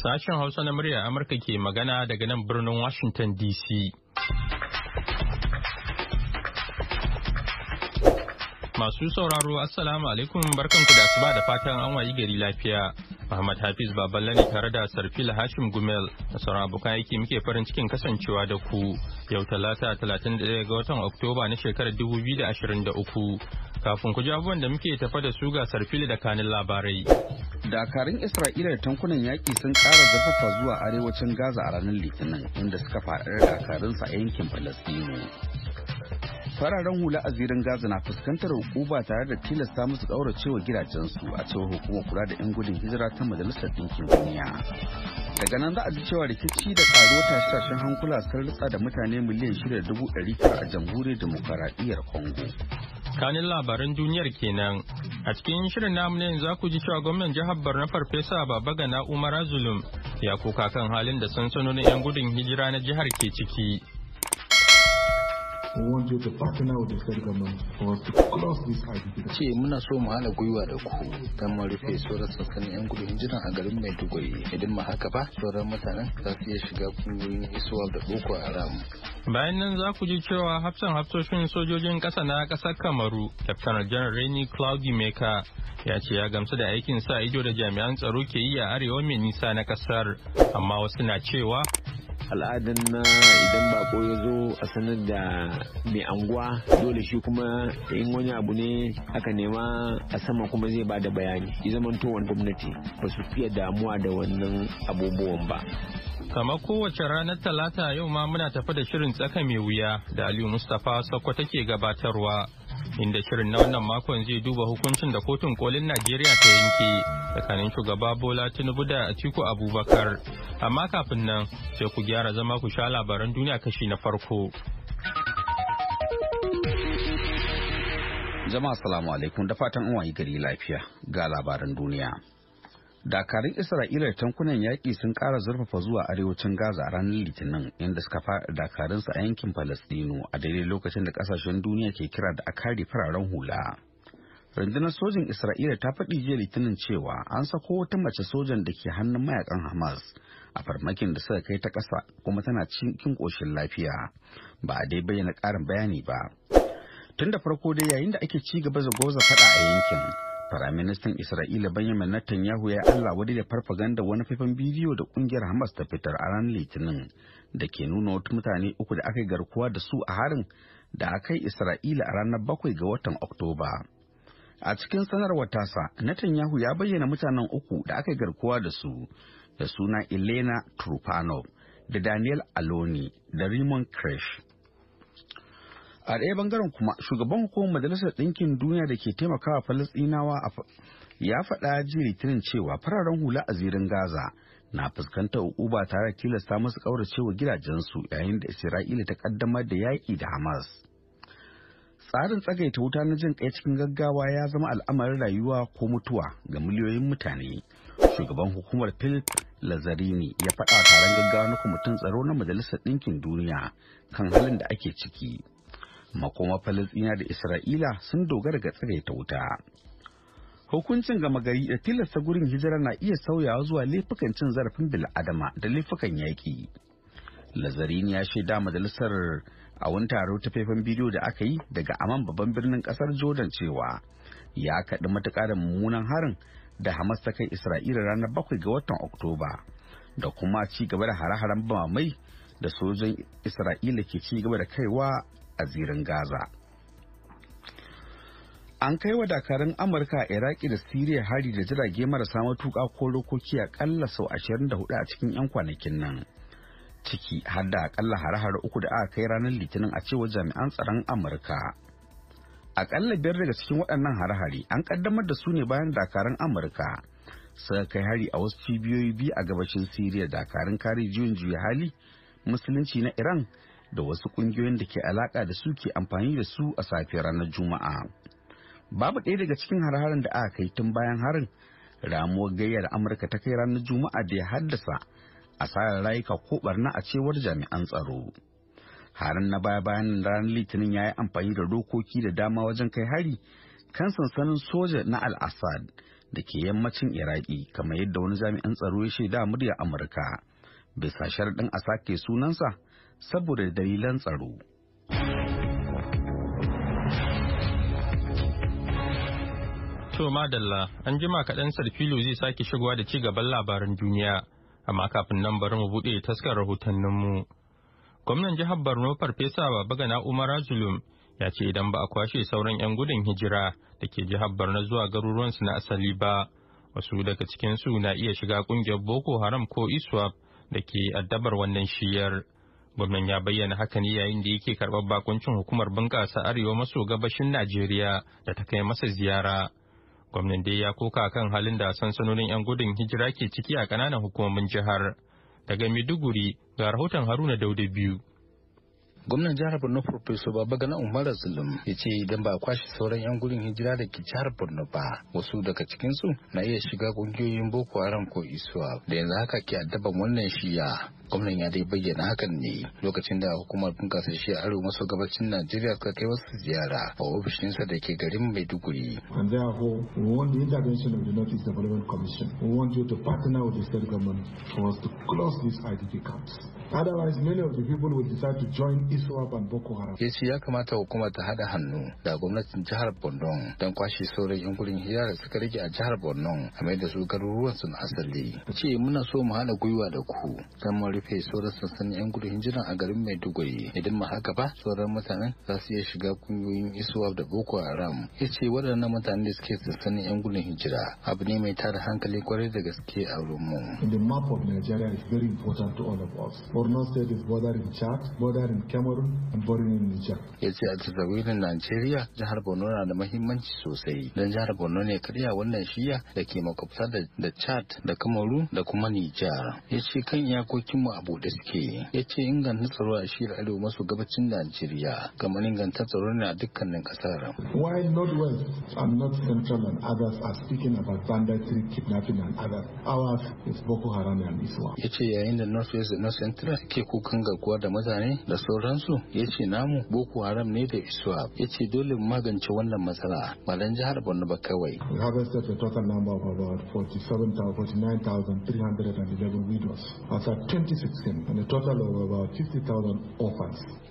Sashen Hausa na murya Amurka ke magana daga nan birnin Washington DC. Masu sauraro Assalamu alaikum barkanku da asuba da fatan an wayi gari lafiya. Muhammad Hafiz Baballe ne tare da Sarfil Hashim Gumel da sauran abokan aiki muke farin cikin kasancewa da ku yau talata 31 ga watan Oktoba na shekarar 2023 Kafin ku ji abubuwan da muke tafa da su gasar sarfili da kanin labarai. Dakarun Isra'ila da tankunan yaƙi sun ƙara zurfafa zuwa arewacin Gaza a ranar Litinin inda suka faɗar sa a yankin Falastinu. Fararen hula a zirin Gaza na fuskantar hukuma tare da tilasta musu ƙauracewa gidajensu a cewar hukumar kula da 'yan gudun hijira ta Majalisar Ɗinkin Duniya. daga nan za a ji cewa rikici da karuwar tashe-tashen hankula sun da mutane miliyan shida da dubu 6,900 a jamhuriyar demokaradiyyar Kongo. kanin labaran duniyar kenan a cikin shirin namu ne za ku ji cewa gwamnan jihar Borno Farfesa baba gana Umar Zulum ya kuka kan halin da sansanonin 'yan gudun hijira na jihar ke ciki. We want you to partner with the federal government for to close this Ce muna so mu hana gwiwa da ku don mu rufe sauran sassanin 'yan gudun hijira a garin Maiduguri. Idan ma haka ba, sauran mutanen za su iya shiga kungiyoyin isuwa da Boko Haram. Bayan nan za ku ji cewa hafsan hafsoshin sojojin ƙasa na ƙasar Kamaru, Captain General Rainy Cloudy Meka, ya ce ya gamsu da aikin sa ido da jami'an tsaro ke yi a arewa mai nisa na ƙasar, amma wasu na cewa al'adar na idan bako ya zo a sanar da mai anguwa dole shi kuma in wani abu ne aka nema a sama kuma zai ba da bayani ya zamantowar gwamnati ba su fiye damuwa da wannan abubuwan ba Kama kowace ranar Talata yau ma muna tafi da shirin tsaka mai wuya da Aliyu Mustapha Sakko take gabatarwa. inda shirin na wannan makon zai duba hukuncin da kotun kolin najeriya ta yanke tsakanin shugaba bola tinubu da atiku abubakar amma kafin nan sai ku gyara zama ku sha labaran duniya kashi na farko jama'a salamu alaikum da fatan an wayi gari lafiya ga labaran duniya dakarun isra'ila da tankunan yaƙi sun ƙara zurfafa zuwa arewacin gaza a ranar litinin inda suka faɗa dakarunsu a yankin falastinu a daidai lokacin da ƙasashen duniya ke kira da a kare fararen hula rundunar sojin isra'ila ta faɗi jiya litinin cewa an sako wata mace sojan da ke hannun mayakan hamas a farmakin da suka kai ta ƙasa kuma tana cikin ƙoshin lafiya ba a dai bayyana ƙarin bayani ba tun da farko dai yayin da ake ci gaba da goza faɗa a yankin Firaministan Isra'ila Benjamin Netanyahu ya Allah wadai da farfaganda wani faifan bidiyo da kungiyar Hamas ta fitar a ranar Litinin da ke nuna wata mutane uku da aka yi garkuwa da su a harin da aka yi Isra'ila a ranar bakwai ga watan Oktoba. A cikin sanarwar tasa, Netanyahu ya bayyana mutanen uku da aka yi garkuwa da su da suna Elena Trupanov da Daniel Aloni da Raymond Kresh. a ɗaya bangaren kuma shugaban hukumar majalisar ɗinkin duniya da ke taimakawa falastinawa ya faɗa ji litinin cewa fararen hula a zirin gaza na fuskantar uba tare da tilasta masu ƙauracewa gidajensu yayin da isra'ila ta ƙaddamar da yaƙi da hamas tsarin tsagaita wuta na jin kai cikin gaggawa ya zama al'amarin rayuwa ko mutuwa ga miliyoyin mutane shugaban hukumar phil lazarini ya faɗa taron gaggawa na kwamitin tsaro na majalisar ɗinkin duniya kan halin da ake ciki makoma falastina da isra'ila sun dogara ga ta wuta hukuncin gama gari da tilasta gurin hijira na iya sauyawa zuwa laifukan cin zarafin bil'adama da laifukan yaƙi lazarini ya shaida majalisar a wani taro ta faifan bidiyo da aka yi daga aman babban birnin kasar jordan cewa ya kaɗi matuƙa da mummunan harin da hamas ta kai isra'ila ranar bakwai ga watan oktoba da kuma ci gaba da hare-haren bamamai da sojojin isra'ila ke ci gaba da kaiwa a zirin Gaza. An kai wa dakarun Amurka a Iraki da Siriya hari da jirage marasa matuƙa ko rokoki aƙalla sau 24 a cikin 'yan kwanakin nan. Ciki har da akalla hare-hare uku da aka kai ranar Litinin a cewa jami'an tsaron Amurka. Aƙalla biyar daga cikin waɗannan hare-hare an ƙaddamar da su ne bayan dakarun Amurka. Suka kai hari a wasu cibiyoyi biyu a gabashin Siriya dakarun kare juyin juya hali musulunci na Iran da wasu kungiyoyin da ke alaka da suke amfani da su a safiyar ranar juma'a babu ɗaya daga cikin har-harin da aka kai tun bayan harin ramuwar gayyar amurka ta kai ranar juma'a da ya haddasa asarar rayuka ko barna a cewar jami'an tsaro harin na baya bayan ranar litinin ya yi amfani da dokoki da dama wajen kai hari kan sansanin soja na al-assad da ke yammacin iraki kamar yadda wani jami'an tsaro ya shaida murya amurka bisa sharaɗin a sake sunansa saboda dalilan tsaro. To madalla an jima kaɗan sarfilo zai sake shigowa da ci gaban labaran duniya, amma kafin nan bari mu buɗe taskar rahotanninmu. Gwamnan jihar Borno Farfesa Babagana Umar Zulum ya ce idan ba a kwashe sauran 'yan gudun hijira da ke jihar Borno zuwa garuruwansu na asali ba, wasu daga cikinsu na iya shiga ƙungiyar Boko Haram ko ISWAP da ke addabar wannan shiyar. Gwamnan ya bayyana haka ne yayin da yake karɓar bakuncin hukumar bunƙasa arewa maso gabashin Najeriya da ta kai masa ziyara. Gwamnan dai ya koka kan halin da sansanonin 'yan gudun hijira ke ciki a ƙananan hukumomin jihar. Daga Maiduguri ga rahoton Haruna Dauda biyu. gwamnan jihar borno professor babagana umar zulum ya ce idan ba kwashe sauran yan gurin hijira da ke jihar borno ba wasu daga cikinsu na iya shiga kungiyoyin boko haram ko isuwa da yanzu haka ke addaban wannan shiya gwamnan ya dai bayyana hakan ne lokacin da hukumar bunkasa shi arewa maso gabacin najeriya suka kai wasu ziyara a ofishinsa da ke garin maiduguri and therefore we want the intervention of the north east development commission we want you to partner with the state government for us to close camps otherwise many of the people will decide to join isuwa ban boko haram ya ce ya kamata hukumar ta hada hannu da gwamnatin jihar borno don kwashe sauran yan gurin hira da suka rage a jihar borno a mai da su garuruwan su na asali ya ce muna so mu hana gwiwa da ku don mu rufe sauran sansanin yan gurin hijira a garin mai maiduguri idan ma haka ba sauran mutanen za su iya shiga kungiyoyin isuwa da boko haram ya ce waɗannan mutanen da suke sansanin yan gurin hijira abu ne mai tada hankali kwarai da gaske a rumu. The map of Nigeria is very important to all of us. Borno state is bordering Chad, bordering cameroon a niger ya a tazawirin najeriya jihar borno na da mahimmanci sosai don jihar borno ne karya wannan shiya da ke makwabta da chad da kamaru da kuma niger yace ce kan iyakokinmu a buɗe suke ya inganta tsaro a shiyar arewa maso gabacin najeriya kamar inganta tsaro ne a dukkanin kasar while northwest and north central and others are speaking about banditry kidnapping and others ours is boko haram and iswa ya ce yayin da northwest da north central ke kukan garkuwa da mutane da sauran sauransu ya ce namu boko haram ne da iswap ya ce dole magance wannan matsala ba dan jihar borno ba kawai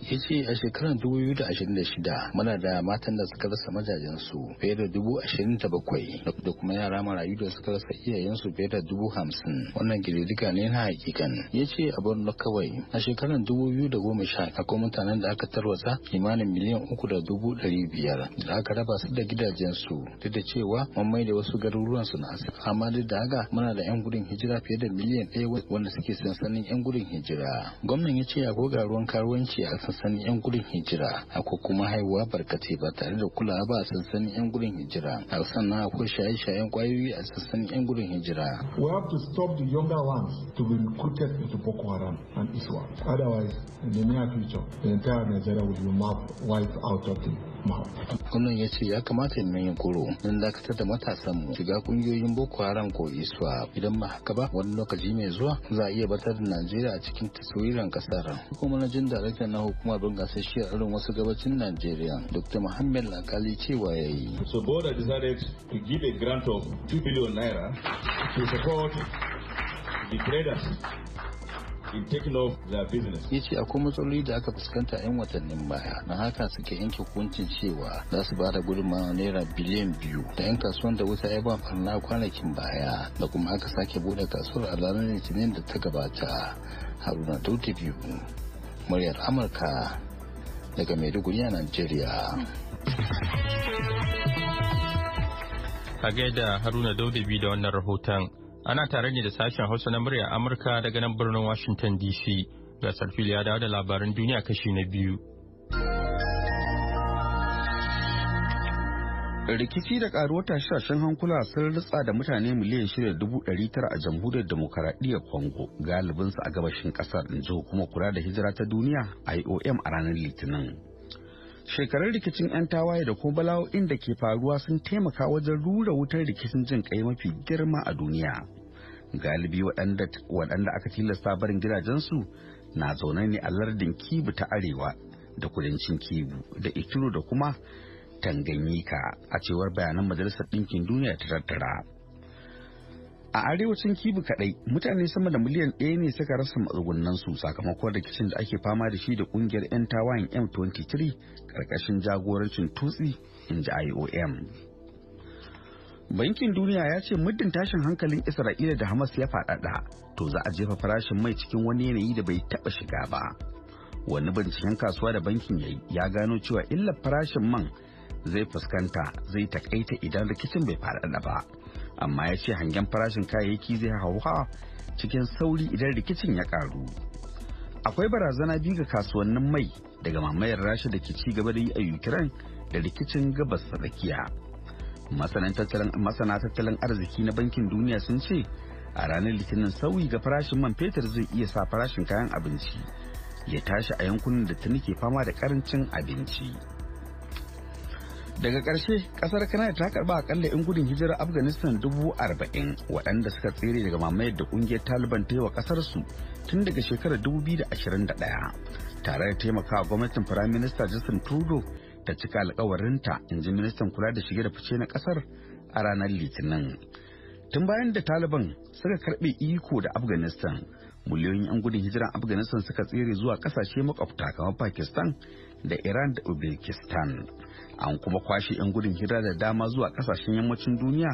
ya ce a shekarar 2026 muna da matan da suka rasa majajensu fiye da 27,000 da kuma yara marayu da suka rasa iyayensu fiye da 50,000 wannan girgiga ne na hakikan ya ce a borno kawai a shekarar dubu biyu Ko mutanen da aka tarwatsa kimanin miliyan uku da dubu ɗari biyar da aka raba su da gidajensu duk da cewa mun da wasu garuruwan su na asali amma duk da haka muna da 'yan gudun hijira fiye da miliyan ɗaya wanda suke sansanin 'yan gudun hijira gwamnan ya ce akwai ruwan karuwanci a sansanin 'yan gudun hijira akwai kuma haihuwa barkatai ba tare da kulawa ba a sansanin 'yan gudun hijira a sannan akwai shaye-shayen kwayoyi a sansanin 'yan gudun hijira. We have to stop the younger ones to be recruited into Boko Haram and Iswa. Otherwise, in the near future, sector. Eh, the entire Nigeria will be wiped out of the Wannan ya ce ya kamata yin koro don dakatar da matasan mu shiga kungiyoyin Boko Haram ko Iswa idan ma haka ba wani lokaci mai zuwa za a iya batar da Najeriya a cikin taswiran kasar. Kuma manajin darakta na hukumar bunƙasasshiyar irin wasu gabacin Najeriya Dr. Muhammad Lakali cewa ya yi. So board decided to give a grant of 2 billion naira to support the traders in taking off their business. Ya ce akwai matsaloli da aka fuskanta 'yan watannin baya na haka suke yanke hukuncin cewa za su bada gudunma naira biliyan biyu da 'yan kasuwan da wuta ya ba farna kwanakin baya da kuma aka sake bude kasuwar a ranar litinin da ta gabata haruna dauta biyu muryar amurka daga maiduguri a Najeriya. a gaida haruna daudabi da wannan rahoton Ana tare ne da sashen Hausa na murya Amurka daga nan birnin Washington DC. Ga Sarfili ya dawo da labaran duniya kashi na biyu. rikici da karuwar tashashen hankula sun ritsa da mutane miliyan shida dubu ɗari tara a jamhuriyar demokaradiyyar congo galibinsu a gabashin ƙasar in kuma hukumar kula da hijira ta duniya iom a ranar litinin Shekarar rikicin 'yan tawaye da kuma bala'o'in da ke faruwa sun taimaka wajen rura wutar rikicin jin kai mafi girma a duniya galibi waɗanda aka tilasta barin gidajensu na zaune ne a lardin kibu ta arewa da kudancin kibu da ikiru da kuma tanganyika a cewar bayanan majalisar ɗinkin duniya ta tattara a arewacin kibu kadai mutane sama da miliyan ɗaya ne suka rasa matsugunan su sakamakon rikicin da ake fama da shi da kungiyar 'yan tawayen m23 karkashin jagorancin tutsi in ji iom bankin duniya ya ce muddin tashin hankalin isra'ila da hamas ya faɗaɗa to za a jefa farashin mai cikin wani yanayi da bai taɓa shiga ba wani binciken kasuwa da bankin ya ya gano cewa illar farashin man zai fuskanta zai takaita idan rikicin bai faɗaɗa ba amma ya ce hangen farashin kayayyaki zai hauha cikin sauri idan rikicin ya ƙaru akwai barazana biyu ga kasuwannin mai daga mamayar rasha da ke ci gaba da yi a ukraine da rikicin gabas tsakiya masana tattalin arziki na bankin duniya sun ce a ranar litinin sauyi ga farashin man fetur zai iya sa farashin kayan abinci ya tashi a yankunan da ta nike fama da karancin abinci daga ƙarshe ƙasar kanada ta karba akalla 'yan gudun hijirar afghanistan dubu arba'in waɗanda suka tsere daga mamayar da ƙungiyar taliban ta yi wa ƙasarsu tun daga shekarar 2021 tare da taimakawa gwamnatin firaminista justin trudeau ta cika alkawarinta in ji ministan kula da shige da fice na kasar a ranar litinin tun bayan da taliban suka karbe iko da afghanistan miliyoyin 'yan gudun hijiran afghanistan suka tsere zuwa kasashe makwabta kamar pakistan da iran da uzbekistan an kuma kwashe 'yan gudun hijira da dama zuwa kasashen yammacin duniya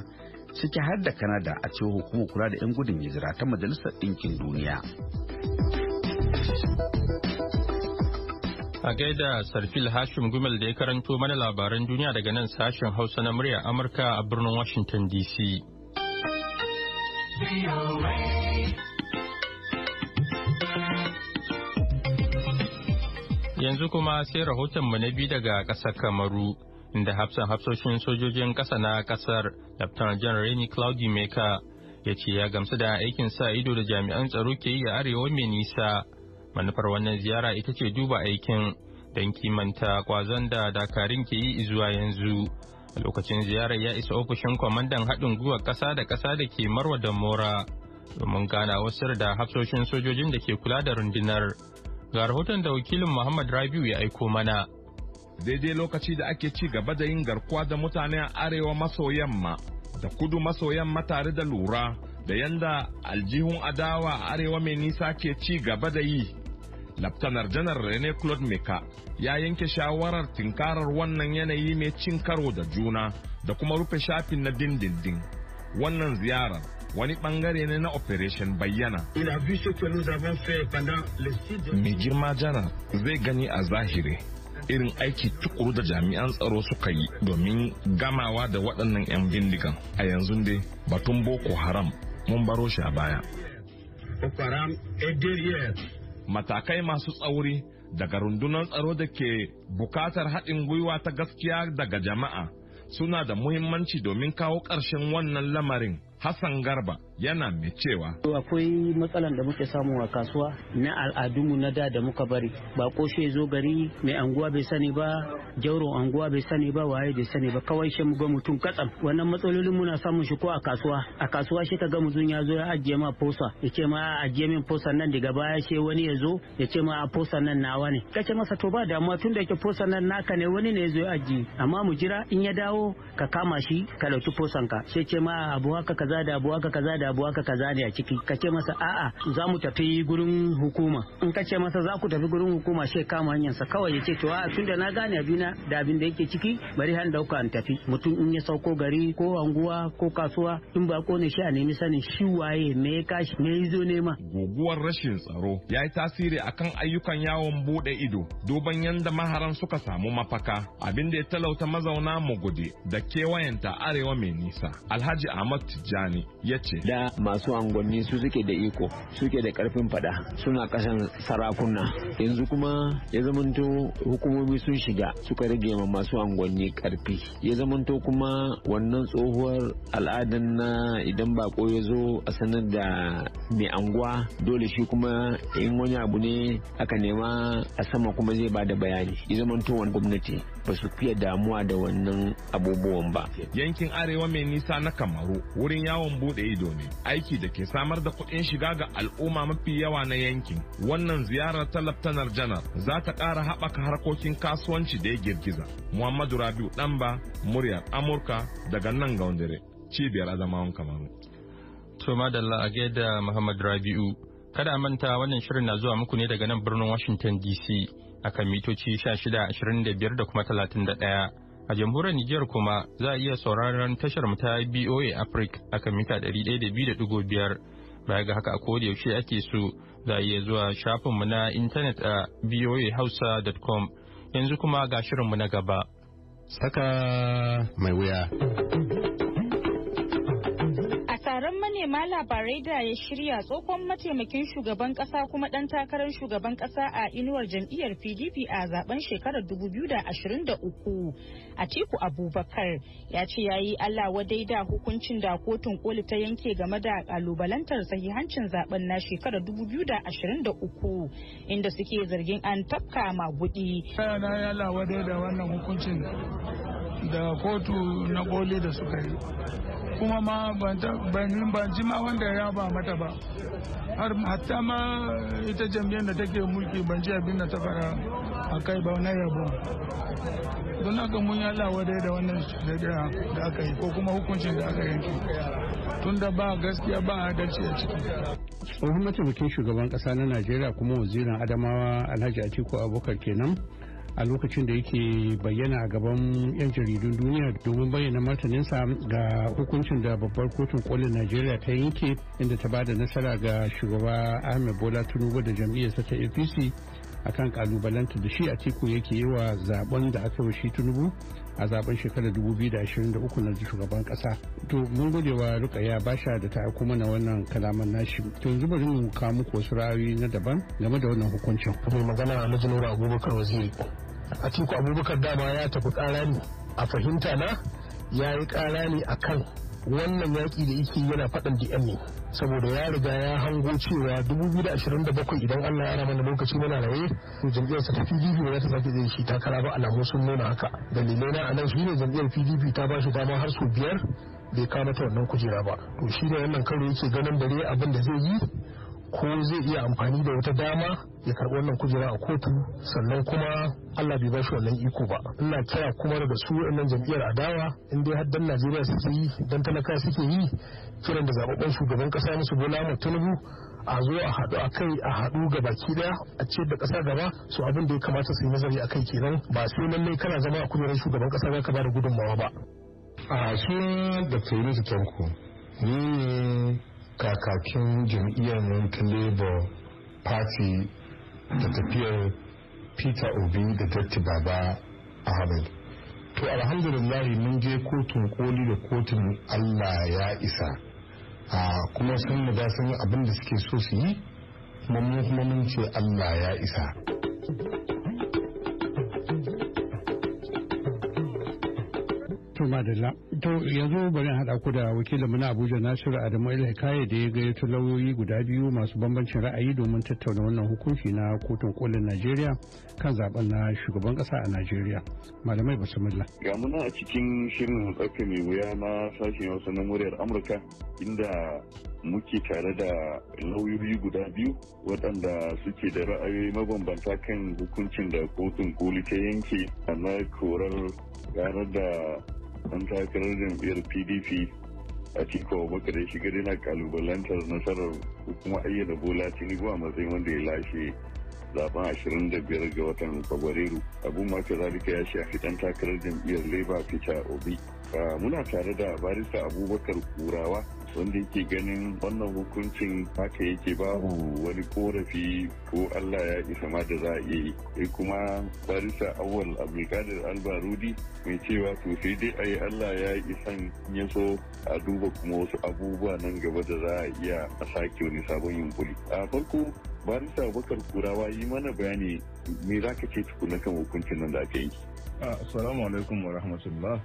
ciki har da kanada a cewa hukumar kula da 'yan gudun hijira ta majalisar ɗinkin duniya A gaida Sarfil Hashim Gumel da ya karanto mana labaran duniya daga nan sashen Hausa na murya Amurka a birnin Washington DC. Yanzu kuma sai rahoton mu na biyu daga ƙasar Kamaru, inda hafsan hafsoshin sojojin ƙasa na ƙasar, laftan Janar Reni Claudi Meka, ya ce ya gamsu da aikin sa ido da jami'an tsaro ke yi a arewa mai nisa. manufar wannan ziyara ita ce duba aikin don kimanta kwazon da dakarin ke yi zuwa yanzu a lokacin ziyarar ya isa ofishin kwamandan haɗin gwiwar ƙasa da ƙasa da ke marwa da mora domin gana wasu da hafsoshin sojojin da ke kula da rundunar ga rahoton da wakilin muhammad rabiu ya aiko mana daidai lokaci da ake ci gaba da yin garkuwa da mutane a arewa maso yamma da kudu maso yamma tare da lura da yanda aljihun adawa a arewa mai nisa ke ci gaba da yi Laftanar Janar Rene Claude Meka ya yanke shawarar tinkarar wannan yanayi mai cin karo da juna da kuma rufe shafin na dindindin. Wannan ziyarar wani bangare ne na operation bayyana. Mai girma janar zai gani a zahiri irin aiki tukuru da jami'an tsaro suka yi domin gamawa da waɗannan 'yan bindigan a yanzu dai batun boko haram mun baro shi a baya. matakai masu tsauri daga rundunar tsaro da ke bukatar haɗin gwiwa ta gaskiya daga jama'a suna da muhimmanci domin kawo ƙarshen wannan lamarin Hassan Garba yana mai cewa. Akwai matsalan da muke samu a kasuwa na al'adunmu na da da muka bari. Ba koshe zo gari mai anguwa bai sani ba, jauro anguwa bai sani ba, waye bai sani ba, kawai shi mu ga mutum katsam. Wannan matsalolin muna samun shi ko a kasuwa. A kasuwa shi ka ga mutum ya zo ya ajiye ma posa, ya ce ma ajiye min posa nan daga baya shi wani ya zo ya ce ma a posa nan nawa ne. Kace masa to ba damuwa tun da yake posa nan naka ne wani ne ya zo ya ajiye. Amma mu jira in ya dawo ka kama shi ka dauki posan ka. Sai ce ma abu haka kaza da abu haka kaza da da abu kaza ne a ciki ka ce masa a'a za mu tafi gurin hukuma in ka ce masa za ku tafi gurin hukuma sai kama hanyarsa kawai ya ce to a da na gane abina da abin da yake ciki bari han dauka an tafi mutum in ya sauko gari ko anguwa ko kasuwa in ba ko ne shi a nemi sanin shi waye me ya kashi me ya zo nema guguwar rashin tsaro ya yi tasiri akan ayyukan yawon bude ido duban yanda maharan suka samu mafaka abin da ya talauta mazauna mugudi da kewayenta arewa mai nisa alhaji ahmad tijjani ya ce gaskiya masu angonni su suke da iko suke da karfin fada suna kasan sarakuna yanzu kuma ya zamanto hukumomi sun shiga suka rage ma masu angonni karfi ya zamanto kuma wannan tsohuwar al'adan na idan bako ya zo a sanar da mai anguwa dole shi kuma in wani abu ne aka nema a sama kuma zai ba da bayani ya zamanto wani gwamnati ba su fiye damuwa da wannan abubuwan ba yankin arewa mai nisa na kamaru wurin yawon bude ido ne aiki da ke samar da kuɗin shiga ga al'umma mafi yawa na yankin. Wannan ziyarar ta Janar za ta ƙara haɓaka harkokin kasuwanci da ya girgiza. Muhammadu Rabiu Ɗanba, muryar Amurka daga nan ga wandere, cibiyar azamawan Kamaru. To madalla a gaida muhammadu Rabiu. Kada a manta wannan shirin na zuwa muku ne daga nan birnin Washington DC akan mitoci 16, 25 da kuma 31. A jamhuriyar Nijar kuma za a iya sauraron tashar mu ta BOA Africa a kan mita 102.5 baya ga haka a koda yaushe ake so za a iya zuwa shafinmu na intanet a boahausa.com yanzu kuma ga shirinmu na gaba. Saka mai wuya. taron manema labarai da ya shirya tsohon mataimakin shugaban kasa kuma dan takarar shugaban kasa a inuwar jam'iyyar pdp a zaben shekarar 2023 atiku abubakar ya ce ya yi allah wadai da hukuncin da kotun koli ta yanke game da kalubalantar sahihancin zaben na shekarar 2023 inda suke zargin an tafka magudi. ya da kotu na koli da suka yi kuma ma ban ji ma wanda ya ba mata ba har hatta ma ita jam'iyyar da take mulki ban ji abin da ta fara a kai ba na yabo don haka mun yi Allah wadai da wannan shirya da aka yi ko kuma hukuncin da aka yanke tun da ba gaskiya ba adalci a ciki tsohon mataimakin shugaban kasa na najeriya kuma wazirin adamawa alhaji atiku abubakar kenan a lokacin da yake bayyana a gaban 'yan jaridun duniya domin bayyana martaninsa ga hukuncin da babbar kotun kolin najeriya ta yanke inda ta bada nasara ga shugaba ahmed bola tinubu da jam'iyyarsa ta apc akan kalubalanta da shi a tiku yake yi wa zaben da aka shi tinubu a zaben shekarar 2023 na shugaban kasa to mun gode wa rukaya basha da ta aiko mana wannan kalaman nashi to yanzu bari mu kawo muku wasu ra'ayoyi na daban game da wannan hukuncin kuma magana a nura abubakar waziri a abubakar dama ya tafi kara ne a fahimta na ya yi kara ne a kan wannan yaƙi da yake yana faɗan dm ne saboda ya riga ya hango cewa 2027 idan allah ya rama da lokaci mana raye to sa ta pdp ba za ta sake zai shi takara ba alamu sun nuna haka dalilai na anan shi ne jam'iyyar pdp ta ba shi dama har sau biyar bai kama ta wannan kujera ba to shi ne wannan karo yake ganin dare abin da zai yi ko zai iya amfani da wata dama ya karɓi wannan kujera a kotu sannan kuma Allah bai bashi wannan iko ba ina kira kuma daga su wannan jam'iyyar adawa in dai har dan Najeriya suke yi dan talaka suke yi kiran da zababban shugaban kasa musu Bola Tinubu a zo a haɗu a kai a haɗu ga baki ɗaya a ce da ƙasa gaba su abin da ya kamata su yi nazari a kai kenan ba sai ne kana zama a kujerar shugaban ƙasa za ka ba da gudunmawa ba. a suna da Yunus Tanko ni kakakin jam'iyyar nan ta labour party da tafiyar peter obi da datti baba ahmed to alhamdulillahi mun je kotun koli da kotun allah ya isa a kuma sun riga sun abin da suke so su yi kuma kuma mun ce allah ya isa To yanzu bari haɗa ku da wakilin na Abuja Nasiru Adamu Ilhikaye da ya gayyato lauyoyi guda biyu masu bambancin ra'ayi domin tattauna wannan hukunci na kotun kolin Najeriya kan zaben na shugaban ƙasa a Najeriya. Malamai Basmalla. Ga muna a cikin shirin tsaka mai wuya na sashen Hausa na muryar Amurka inda muke tare da lauyoyi guda biyu waɗanda suke da ra'ayoyi mabambanta kan hukuncin da kotun koli ta yanke na korar ranar da an takarar jam'iyyar pdp a ciko abubakar ya shiga yana kalubalantar nasarar kuma ayyana bola tinubu a matsayin wanda ya lashe zaben 25 ga watan fabrairu abun ma kazalika ya shafi dan takarar jam'iyyar labour peter obi ah, muna tare da barista abubakar kurawa wanda yake ganin wannan hukuncin haka yake babu wani korafi ko Allah ya isa ma da za a iya yi kuma barisa awal abdulkadir albarudi mai cewa to sai dai a yi Allah ya isan ya so a duba kuma wasu abubuwa nan gaba da za a iya a sake wani sabon yunkuri a farko barisa bakar kurawa yi mana bayani me za ka ce tukuna kan hukuncin nan da aka yi assalamu alaikum wa rahmatullah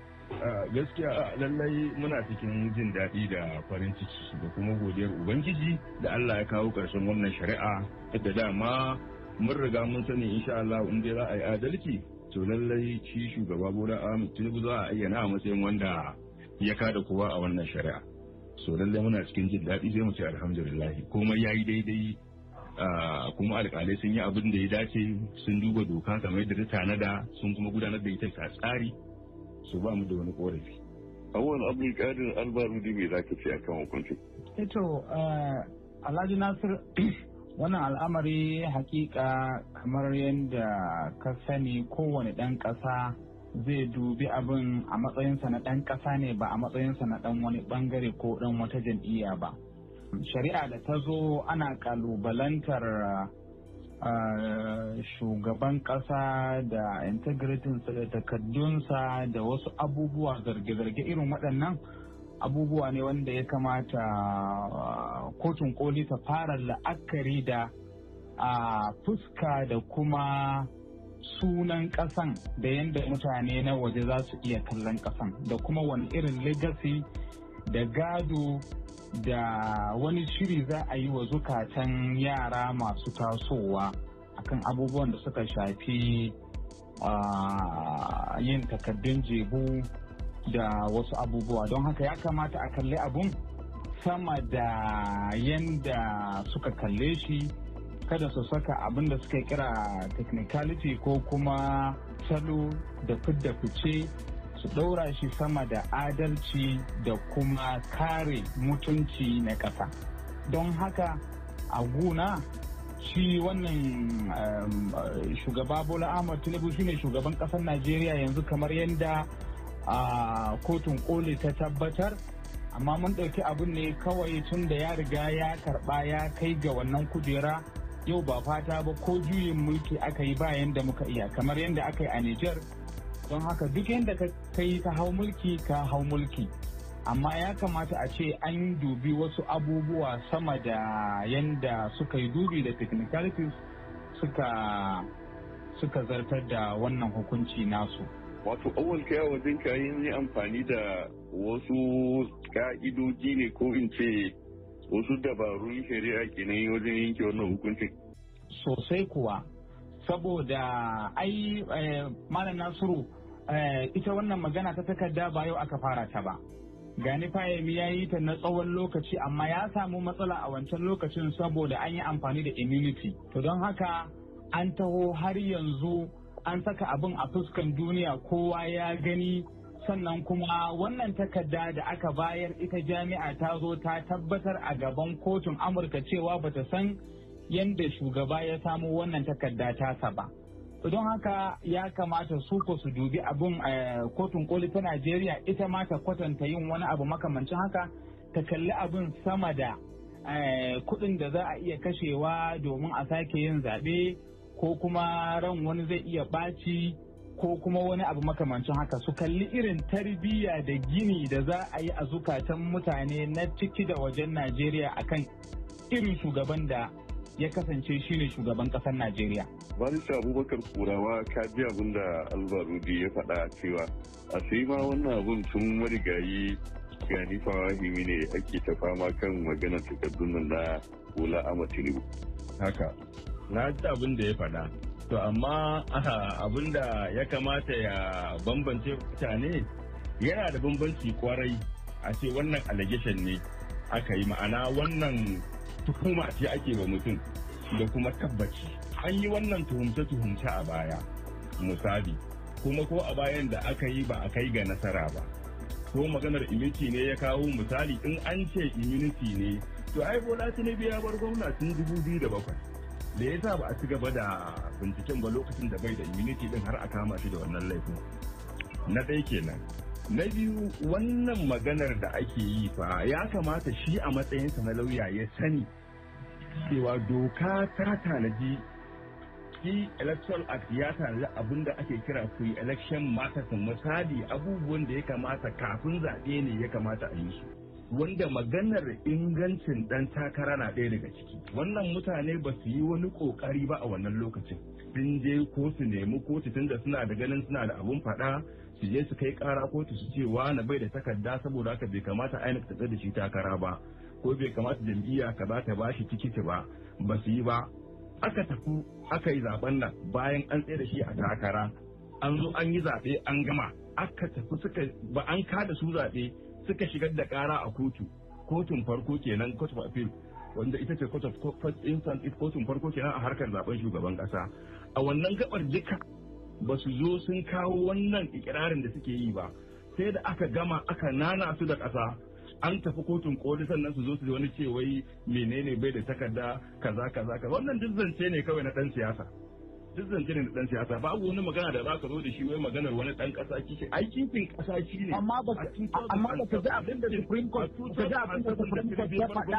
gaskiya lallai muna cikin jin daɗi da farin ciki da kuma godiyar ubangiji da allah ya kawo ƙarshen wannan shari'a da dama mun riga mun sani insha allah in dai za a yi adalci to lallai shi shugaba bola ahmed tinubu za a ayyana a matsayin wanda ya kada kowa a wannan shari'a so lallai muna cikin jin daɗi zai mu ce alhamdulillah komai ya yi daidai kuma alƙalai sun yi abin da ya dace sun duba doka kamar yadda ta tanada sun kuma gudanar da ita ta tsari su ba mu da wani korafi awon abdulkadir albarudi me zaka ce akan hukuncin Eto eh eh, alhaji nasir wannan al'amari hakika kamar yadda ka sani kowane ɗan ƙasa zai dubi abin a matsayinsa na ɗan ƙasa ne ba a matsayinsa na ɗan wani ɓangare ko ɗan wata jam'iyya ba shari'a da ta zo ana ƙalubalantar shugaban ƙasa da sa da takaddunsa da wasu abubuwa zarge-zarge irin waɗannan abubuwa ne wanda ya kamata kotun koli ta fara la'akari da fuska da kuma sunan ƙasan da yadda mutane na waje za su iya kallon ƙasan da kuma wani irin legacy da gado da wani shiri za a yi wa zukatan yara masu tasowa akan abubuwan da suka shafi yin takardun jebu da wasu abubuwa don haka ya kamata a kalli abun sama da yadda suka kalle shi kada su saka abin da suka kira technicality ko kuma salo da fidda fice su ɗaura shi sama da adalci da kuma kare mutunci na ƙasa don haka a guna shi wannan um, shugaba bola ahmad tinubu shine shugaban ƙasar najeriya yanzu kamar yadda kotun koli ta tabbatar amma mun ɗauki abin ne kawai tun da ya riga ya karɓa ya kai ga wannan kujera yau ba fata ba ko juyin mulki aka yi bayan da muka iya kamar yadda aka yi a Nijar. don haka duk yadda ka yi ta hau mulki ka hau mulki amma ya kamata a ce an dubi wasu abubuwa sama da yadda suka yi dubi da technicalities suka suka zartar da wannan hukunci nasu wato awal kaya wajen kayan yi amfani da wasu ka'idoji ne ko in ce wasu dabarun shari'a kenan wajen yanke wannan hukuncin sosai kuwa saboda ai eh, malam nasiru Eh, ita wannan magana ta takarda ba yau aka fara ta ba gani fayami ya yi ta na tsawon lokaci amma ya samu matsala a wancan lokacin saboda an yi amfani da immunity to don haka an taho har yanzu an saka abin a fuskan duniya kowa ya gani sannan kuma wannan takarda da aka bayar ita jami'a ta zo ta tabbatar a gaban kotun amurka cewa bata san yadda shugaba ya samu wannan takarda tasa ba don haka ya kamata su ko su dubi abin eh, kotun koli ta najeriya ita ma ta kwatanta yin wani abu makamancin haka ta kalli abin sama da eh, kudin da za a iya kashewa domin a sake yin zaɓe ko kuma ran wani zai iya ɓaci ko kuma wani abu makamancin haka su kalli irin tarbiyya da gini da za a yi a zukatan mutane na ciki da wajen najeriya akan irin shugaban da ya kasance shine shugaban kasar Najeriya. Barista Abubakar Kurawa ka ji abin da Alba ya faɗa cewa a sai ma wannan abun tun marigayi gani fahimi ne ake ta fama kan maganar takardun nan na Bola Ahmad Tinubu. Haka, na ji abin da ya faɗa. To amma abin da ya kamata ya bambance mutane yana da bambanci kwarai a ce wannan allegation ne aka yi ma'ana wannan tuhuma ce ake ba mutum da kuma tabbaci an yi wannan tuhumce-tuhumce a baya misali kuma ko a bayan da aka yi ba a kai ga nasara ba ko maganar immunity ne ya kawo misali in an ce immunity ne to ai bola ne biya bar gwamna tun bakwai. da ya sa ba a ci gaba da binciken ba lokacin da bai da immunity din har a kama shi da wannan laifin na ɗaya kenan na biyu wannan maganar da ake yi fa ya kamata shi a matsayinsa na lauya ya sani cewa doka ta tanaji shi electoral act ya tanaji abin da ake kira free election marketing misali abubuwan da ya kamata kafin zaɓe ne ya kamata a yi su wanda maganar ingancin ɗan takara na ɗaya daga ciki wannan mutane ba su yi wani ƙoƙari ba a wannan lokacin sun je ko su nemi kotu tunda suna da ganin suna da abun faɗa su je su kai ƙara kotu su ce na bai da takarda saboda haka bai kamata ainihin ta da shi takara ba ko bai kamata jam'iyya ka za ta bashi tikiti ba ba su yi ba aka tafi aka yi zaben nan bayan an tsaye da shi a takara an zo an yi zaɓe an gama aka tafi suka ba an kada su zaɓe suka shigar da ƙara a kotu kotun farko kenan court of appeal wanda ita ce court of first instance kotun farko kenan a harkar zaben shugaban ƙasa a wannan gabar duka ba su zo sun kawo wannan ikirarin da suke yi ba sai da aka gama aka nana su da ƙasa an tafi kotun koli sannan su zo su wani ce wai menene bai da takarda kaza kaza kaza wannan duk zance ne kawai na dan siyasa duk zance ne na dan siyasa babu wani magana da zaka zo da shi wai maganar wani dan kasa ce. ai kifin kasa shi ne amma ba amma ba ka ji abin da supreme court ka ji abin da supreme court ya faɗa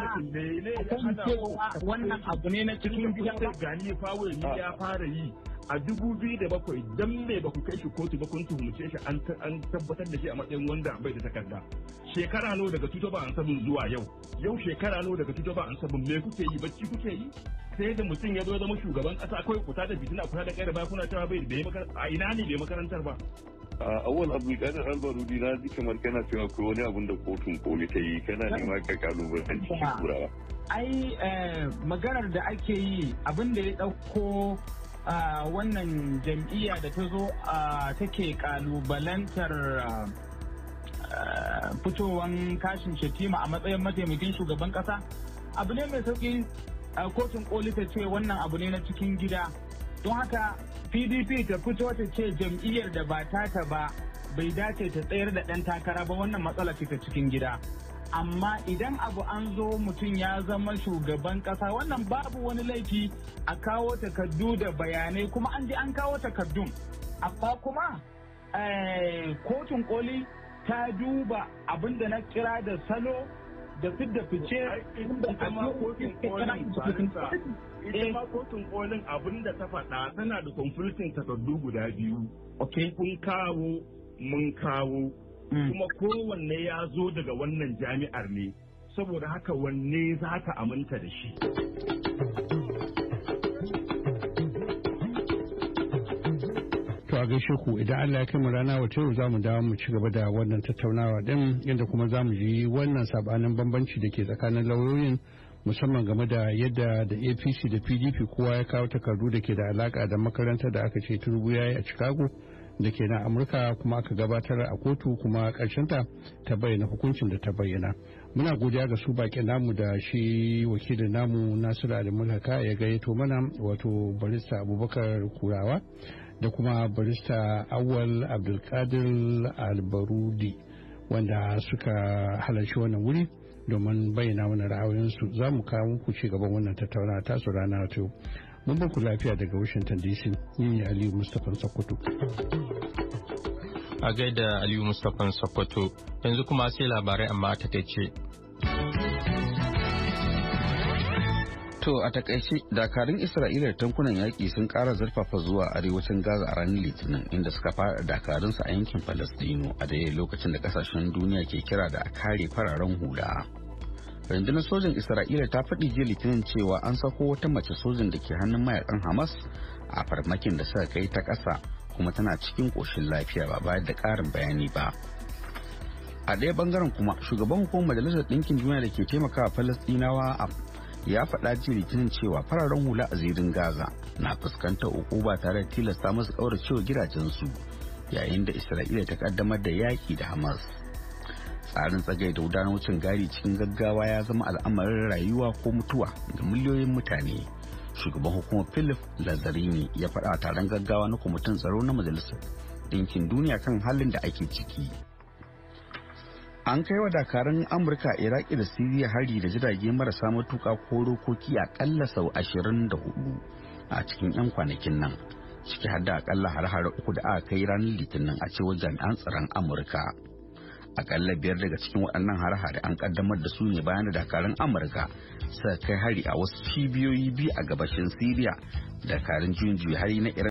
kan cewa wannan abu ne na cikin gidan gani ni ya fara yi a dubu biyu da bakwai don me ba ku kai shi kotu ba kun tuhumce shi an tabbatar da shi a matsayin wanda bai da takarda shekara nawa daga ba an sabin zuwa yau yau shekara nawa daga ba an sabin me kuke yi bacci kuke yi sai da mutum ya zo zama shugaban kasa akwai kuta da fitina kuta da kare ba kuna cewa bai bai a ina ne bai makarantar ba a awal abdulkadir albarudi na ji kamar kana cewa akwai wani abun da kotun koli ta yi kana nema ka kalubalanci turawa ai eh, maganar da ake yi abin da ya dauko wannan jam'iyya da ta zo take kalubalantar Eh, fitowan kashin shetima a matsayin mataimakin shugaban kasa abu ne mai sauki eh, kotun koli ta ce wannan abu ne na cikin gida don haka pdp ta fito ta ce jam'iyyar da ba ta ba bai dace ta tsayar da ɗan takara ba wannan matsala ce ta cikin gida amma idan abu an zo mutum ya zama shugaban kasa wannan babu wani laifi a kawo takardu da bayanai kuma an ji an kawo takardun amma kuma eh, kotun koli ta duba abinda na kira da salo da da fice da ma kotun kolin eh. abinda ta faɗa tana da conflicting takardu guda biyu kun kawo mun kawo hmm. kuma kowanne ya zo daga wannan jami'ar ne saboda haka wanne za ka aminta da shi a gaishe ku idan Allah ya kai mu rana wata yau za mu dawo mu ci gaba da wannan tattaunawa din inda kuma za mu ji wannan sabanin bambanci da ke tsakanin lauyoyin musamman game da yadda da apc da pdp kowa ya kawo takardu da ke da alaka da makaranta da aka ce turbu ya yi a chicago da ke na amurka kuma aka gabatar a kotu kuma karshen ta ta bayyana hukuncin da ta bayyana muna godiya ga su bakin namu da shi wakilin namu nasiru alimulhaka ya gayyato mana wato barista abubakar kurawa da kuma barista awal abdulkadir albarudi wanda suka halarci wannan wuri domin bayyana mana ra'ayoyinsu za mu kawo muku ci gaban wannan tattauna tasu rana ta yau mun ba ku lafiya daga washington dc ni aliyu mustapha sokoto a gaida aliyu mustapha sokoto yanzu kuma sai labarai amma ta ce. To a takaice dakarun Isra'ila da tankunan yaƙi sun ƙara zurfafa zuwa arewacin Gaza a ranar Litinin inda suka fara dakarun su a yankin Falastinu a daidai lokacin da kasashen duniya ke kira da a kare fararen hula. Rundunar sojin Isra'ila ta faɗi jiya Litinin cewa an sako wata mace sojin da ke hannun mayakan Hamas a farmakin da suka kai ta ƙasa kuma tana cikin ƙoshin lafiya ba bayar da ƙarin bayani ba. A ɗaya bangaren kuma shugaban hukumar majalisar ɗinkin duniya da ke taimakawa Falastinawa a ya faɗa jin litinin cewa fararen hula a zirin gaza na fuskantar uku ba tare da tilasta masu cewa gidajensu yayin da isra'ila ta kaddamar da yaƙi da hamas tsarin tsagai da gudanar wucin gari cikin gaggawa ya zama al'amarin rayuwa ko mutuwa ga miliyoyin mutane shugaban hukumar philip lazarini ya faɗa taron gaggawa na kwamitin tsaro na majalisar ɗinkin duniya kan halin da ake ciki an kai wa dakarun amurka iraki da siriya hari da jirage marasa matuka ko rokoki akalla sau ashirin da 24 a cikin 'yan kwanakin nan ciki har da akalla har-har uku da aka kai ranar litinin a cewar jami'an tsaron amurka akalla biyar daga cikin waɗannan har-har an kaddamar da su ne bayan da dakarun amurka suka kai hari a wasu cibiyoyi biyu a gabashin siriya dakarun juyin hari na iran